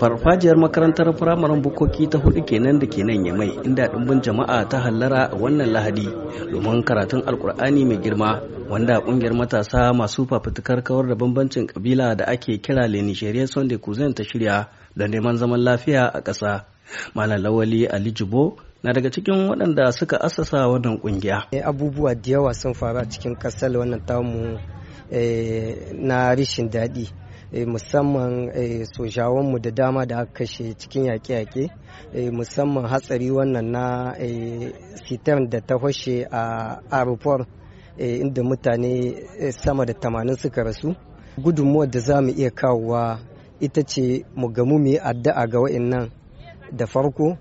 farfajiyar makarantar firamaren bukoki ta hudu kenan da ke nan mai, inda dimbin jama'a ta hallara wannan lahadi domin karatun alkur'ani mai girma wanda kungiyar matasa masu fafutukar kawar da bambancin kabila da ake kira le nigeria sunday cousin ta shirya don neman zaman lafiya a ƙasa malam lawali ali jibo na daga cikin waɗanda suka asasa wannan kungiya. Eh, abubuwa da yawa sun faru a cikin kasar wannan tamu eh, na rishin daɗi eh, musamman sojawanmu da dama da aka kashe cikin yaƙe-yaƙe musamman hatsari wannan na sitan da ta hoshe a arupor inda mutane sama da tamanin suka rasu gudunmuwa da za mu iya kawowa ita ce mu gamu mu addu'a ga nan da farko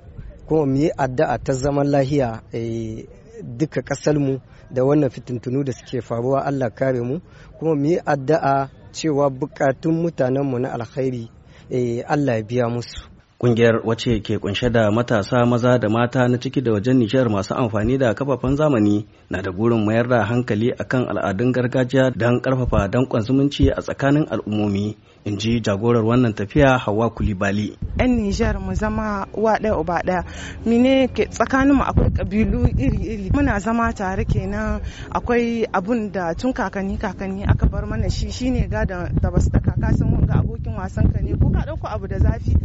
kuma mu yi addu'a ta zaman lahiya eh, duka ƙasarmu da wannan fitintunu da suke faruwa Allah kare mu kuma mu yi addu'a cewa bukatun mutanenmu na alkhairi eh, Allah ya biya musu Kungiyar wace ke kunshe da matasa maza da mata na ciki da wajen nishiyar masu amfani da kafafen zamani na da gurin mayar da hankali akan al'adun gargajiya don karfafa dankon zumunci a tsakanin al'ummomi. In ji jagorar wannan tafiya Hawa Kulibali. 'Yan Nijar mu zama wa ɗaya uba ɗaya. Mine ke tsakanin mu akwai kabilu iri-iri. Muna zama tare kenan akwai abun da tun kakanni kakanni aka bar mana shi shine gadon da basu da kaka sun ga abokin wasan ka ne ko ka ɗauko abu da zafi.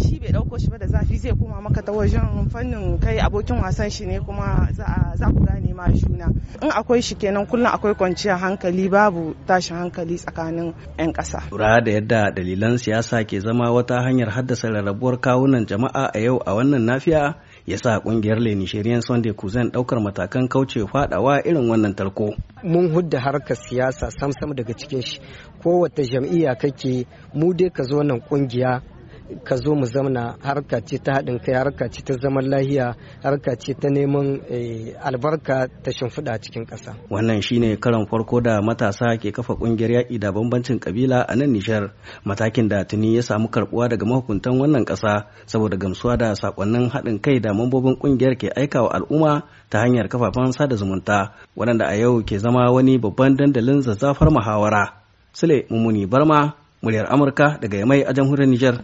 shi bai dauko shi ba da zafi zai koma maka ta wajen fannin kai abokin wasan shi ne kuma za ku gane ma juna in akwai shi kenan kullum akwai kwanciyar hankali babu tashin hankali tsakanin 'yan ƙasa. kura da yadda dalilan siyasa ke zama wata hanyar haddasa rarrabuwar kawunan jama'a a yau a wannan nafiya ya sa kungiyar lenishiriyan sunday kuzan daukar matakan kauce fadawa irin wannan tarko mun hudda harkar siyasa sam sam daga cikin shi kowace jam'iyya kake mu dai ka zo nan kungiya ka zo mu zamna harka ce ta haɗin kai harka ce ta zaman lahiya harka ce ta neman eh, albarka ta shimfiɗa cikin ƙasa. Wannan shine karan farko da matasa ke kafa ƙungiyar yaƙi da bambancin ƙabila a nan Nijar matakin da tuni ya samu karɓuwa daga mahukuntan wannan ƙasa saboda gamsuwa da sakonnin haɗin kai da mambobin ƙungiyar ke aikawa al'umma ta hanyar kafafen sada zumunta waɗanda a yau ke zama wani babban dandalin zazzafar muhawara. Sule Mumuni Barma, muryar Amurka daga Yamai a jamhuriyar Nijar.